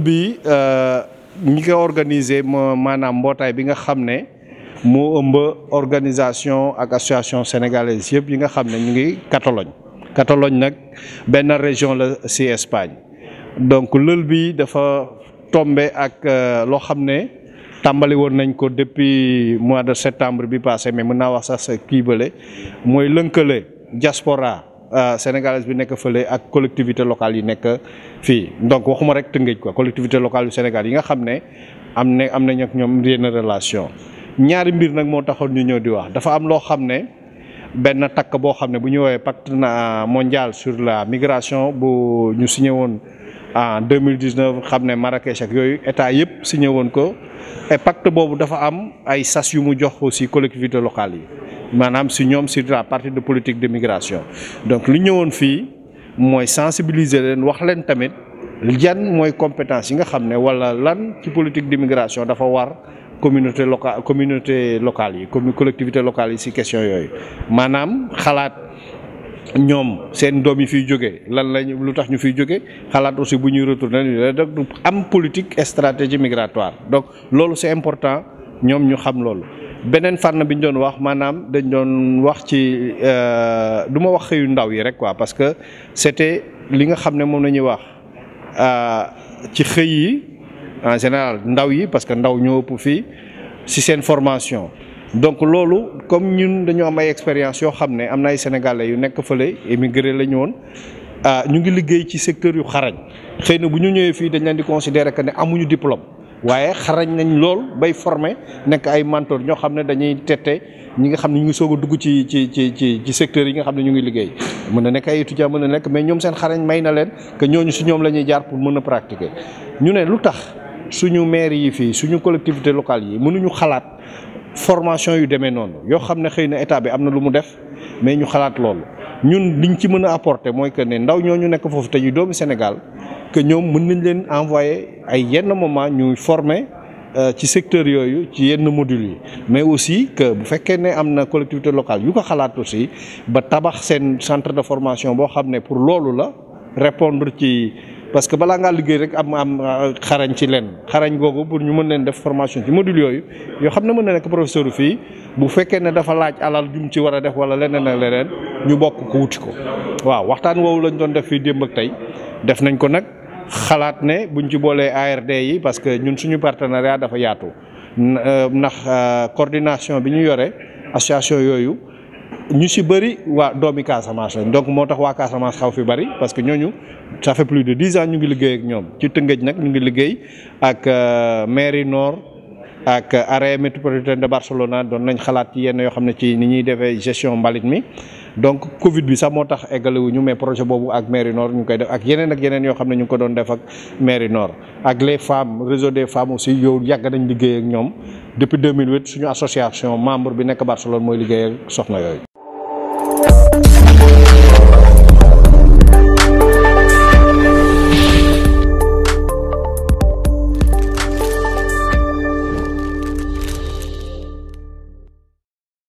kuréel bi euh, ñi ko organisé maanaam mbootaay bi nga xam ne moo ëmb organisation ak association sénégalaise yëpp yi nga xam ne ñu ngi Catalogne Catalogne nag benn région la ci Espagne donc lël bi dafa tombé ak euh, loo xam ne tàmbali woon nañ ko depuis mois de septembre bi passé mais mën naa wax sax sa kii bële mooy lënkale diaspora Euh, sénégalaise bi nekk fële ak collectivité locale yi nekk fii donc waxuma rek Tëngéej ko collectivité locale yu Sénégal yi nga xam ne am na am nañ ñoom yenn relation ñaari mbir nag moo taxoon ñu ñëw di wax dafa am loo xam ne benn takk boo xam ne bu ñu woowee pacte mondial sur la migration bu ñu signé woon en 2019 xam ne Marrakech ak yooyu état yëpp signé woon ko et pacte boobu dafa am ay sas yu mu jox aussi collectivité locales yi maanaam si ñoom sur la partie de politique de migration donc li ñëwoon fii mooy sensibiliser leen wax leen tamit jan mooy compétence yi nga xam ne wala lan ci politique d'immigration dafa war communauté locale communauté locale yi comme collectivité locale yi si question yooyu maanaam xalaat ñoom seen doom yi fiy jóge lan lañ lu tax ñu fiy jóge xalaat aussi bu ñuy retourner donc am politique stratégie migratoire donc loolu c'est important ñoom ñu xam loolu. beneen fànn bi ñu doon wax maanaam dañ doon wax ci euh, du ma wax xëyu ndaw yi rek quoi parce que c'était li nga xam ne moom la ñuy wax euh, ci xëy yi en général ndaw yi parce que ndaw ñu ëpp fii ci seen formation. donc loolu comme ñun dañoo am ay expérience yoo xam ne am na ay sénégalais yu nekk fële émigré la ñu woon ah ñu ngi liggéey ci secteur yu xarañ xëy na bu ñu ñëwee fii dañ leen di considérer que ne amuñu diplôme waaye xarañ nañ lool bay former nekk ay mentor ñoo xam ne dañuy tette ñi nga xam ne ñu ngi soog a dugg ci ci ci ci ci secteur yi nga xam ne ñu ngi liggéey mën na nekk ay étudiant mën na nekk mais ñoom seen xarañ may na leen que ñooñu si ñoom la jaar pour mën a pratiquer ñu ne lu tax suñu maire yi fii suñu collectivité locale yi mënuñu xalaat formation yu demee noonu yoo xam ne xëy na état bi am na lu mu def mais ñu xalaat loolu ñun liñ ci mën a apporter mooy que ne ndaw ñoo ñu nekk foofu te ñu doomu Sénégal que ñoom mën nañ leen envoyé ay yenn moment ñu former euh, ci secteur yooyu ci yenn module yi mais aussi que bu fekkee ne am na collectivité locale yu ko xalaat aussi ba tabax seen centre de formation boo xam ne pour loolu la répondre ci parce que balaa ngaa liggéey rek am xarañ ci leen xarañ googu pour ñu mën leen def formation ci module yooyu yoo xam ne mën na nekk professeur u fii bu fekkee ne dafa laaj alal jum ci war a def wala leneen ak leneen ñu bokk ko wuti ko waaw waxtaan woowu lañ doon def fii démb tey def nañ ko nag xalaat ne buñ ci boolee ARD yi parce que ñun suñu partenariat dafa yaatu euh, ndax euh, coordination bi ñu yore association yooyu ñu si bëri waa doomi Casamance lañ donc moo tax waa Casamance xaw fi bari parce que ñooñu ça fait plus de dix ans ñu ngi liggéey ak ñoom ci Tëngéej nag ñu ngi liggéey ak euh, mairie nord ak euh, arrêt métropolitaine de Barcelona doon nañ xalaat ci yoo xam ne ci ni ñuy defee gestion mbalit mi donc Covid bi sax moo tax eggale wu ñu mais projet boobu ak mairie nord ñu ngi koy def ak yeneen ak yeneen yoo xam ne ñu ngi ko doon def ak mairie nord ak les femmes réseau des femmes aussi yow yàgg nañ liggéey ak ñoom depuis 2008 suñu association membre bi nekk Barcelone mooy liggéey ak soxna yooyu.